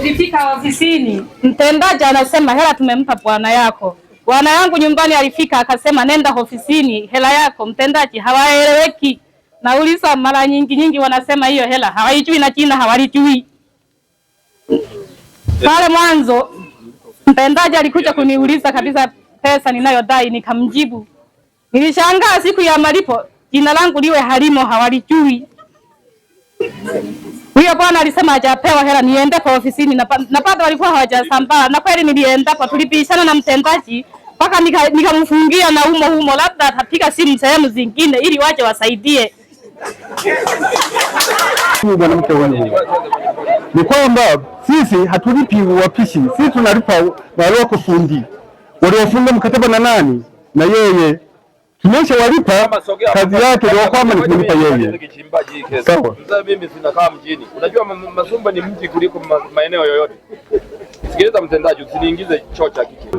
Alifika ofisini, mtendaji anasema hela tumempa bwana yako. Bwana yangu nyumbani alifika akasema nenda ofisini, hela yako mtendaji hawaeleweki. Nauliza mara nyingi nyingi, wanasema hiyo hela hawaijui na jina hawalijui. Pale mwanzo mtendaji alikuja kuniuliza kabisa pesa ninayodai, nikamjibu. Nilishangaa siku ya malipo jina langu liwe halimo, hawalijui huyo bwana alisema hajapewa hela niende kwa ofisini na napata walikuwa hawajasambaa na kweli nilienda hapo tulipishana na mtendaji mpaka nikamfungia nika na umo humo labda atapiga simu sehemu zingine ili waje wasaidie. Mwanamke ni kwamba sisi hatulipi wapishi, sisi tunalipa wale wako fundi waliofunga mkataba na nani na yeye kinachowalipa kazi yake ndio kwamba ni kumlipa yeye. Sawa, mimi sinakaa mjini. Unajua Masumba ni mji kuliko maeneo yoyote. Sikiliza mtendaji, usiniingize chocha kiki,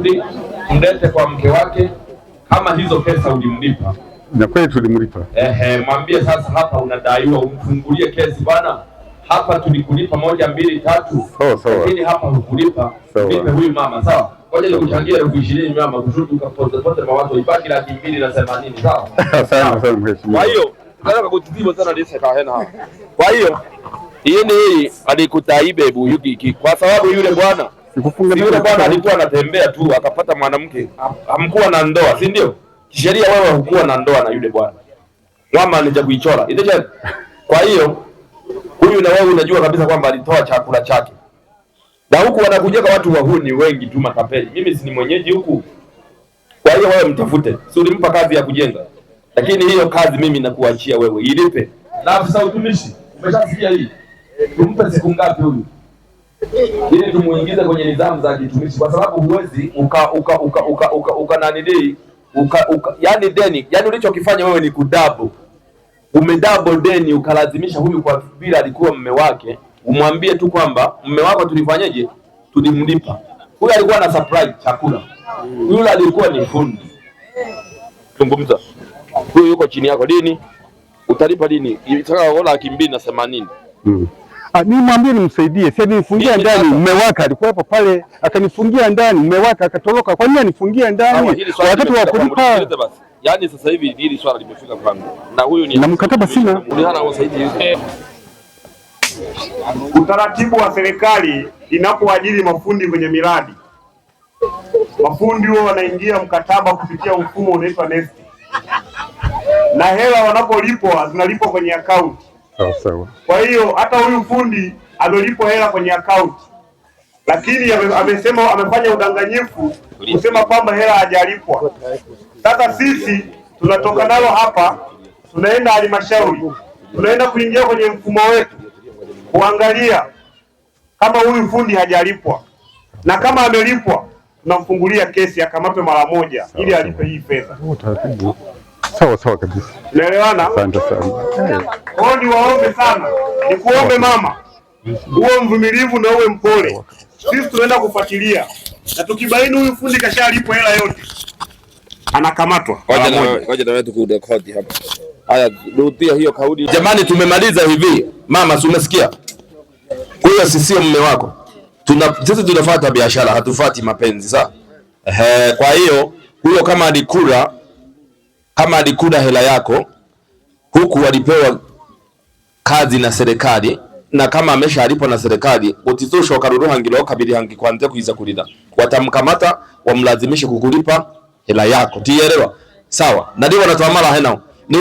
mlete kwa mke wake. Kama hizo pesa ulimlipa na kweli tulimlipa, ehe, mwambie sasa, hapa unadaiwa, umfungulie kesi bwana hapa tulikulipa moja mbili tatu, lakini hapa hukulipa. Nipe huyu mama, sawa Ngoja nikuchangie elfu ishirini mama kusudi pote ibaki laki mbili na themanini sawa? Sawa sawa mheshimiwa. Kwa hiyo kutibiwa sana lisa hena. Kwa hiyo alikutaibe kwa sababu yule bwana yule bwana alikuwa anatembea tu akapata mwanamke na ndoa, si ndio? Kisheria wewe hukuwa na ndoa na yule bwana. Mama kuichora. Kwa hiyo huyu na wewe unajua kabisa kwamba alitoa chakula chake na huku wanakuja kwa watu wahuni wengi tu matapeli. Mimi si ni mwenyeji huku, kwa hiyo wewe mtafute, si ulimpa kazi ya kujenga, lakini hiyo kazi mimi nakuachia wewe, ilipe. Na afisa utumishi, umeshasikia hii, tumpe siku ngapi huyu ili tumuingize kwenye nidhamu za kitumishi, kwa sababu huwezi uka uka uka uka uka, uka dei uka, uka yani deni yani ulichokifanya wewe ni kudabu, umedouble deni ukalazimisha huyu kwa bila alikuwa mme wake umwambie tu kwamba mume wako tulifanyaje, tulimlipa. Huyu alikuwa na surprise chakula, yule alikuwa ni fundi. Zungumza huyu yuko chini yako, lini utalipa? Lini itaka laki mbili na themanini mm. Mimi mwambie nimsaidie, si nifungia ndani. Mume wake alikuwepo pale akanifungia ndani, mume wake akatoroka. Kwa nini anifungia ndani wakati wa kulipa? Yaani sasa hivi hili swala limefika kwangu, na huyu ni na mkataba sina. Utaratibu wa serikali inapoajiri mafundi kwenye miradi, mafundi huo wanaingia mkataba kupitia mfumo unaitwa NeST, na hela wanapolipwa zinalipwa kwenye akaunti. Kwa hiyo hata huyu fundi amelipwa hela kwenye akaunti, lakini amesema amefanya udanganyifu kusema kwamba hela hajalipwa. Sasa sisi tunatoka nalo hapa, tunaenda halmashauri, tunaenda kuingia kwenye mfumo wetu kuangalia kama huyu fundi hajalipwa na kama amelipwa tunamfungulia kesi akamatwe mara moja ili alipe hii fedha. Sawa sawa kabisa, unaelewana? Asante sana. Kwao ni waombe sana, ni kuombe mama, uwe mvumilivu na uwe mpole. Sisi tunaenda kufuatilia na tukibaini huyu fundi kashalipwa hela yote anakamatwa. na hapa. Haya, rudia hiyo kauli jamani. Tumemaliza hivi, mama, si umesikia? Huyo sisio mume wako. Tuna sisi tunafuata biashara, hatufuati mapenzi sa Ehe, kwa hiyo huyo kama alikula kama alikula hela yako huku alipewa kazi na serikali na kama amesha alipo na serikali utizusha hangilo kabili hangi kwanza kuiza kulida watamkamata wamlazimishe kukulipa hela yako tielewa sawa ndio wanatuamala hena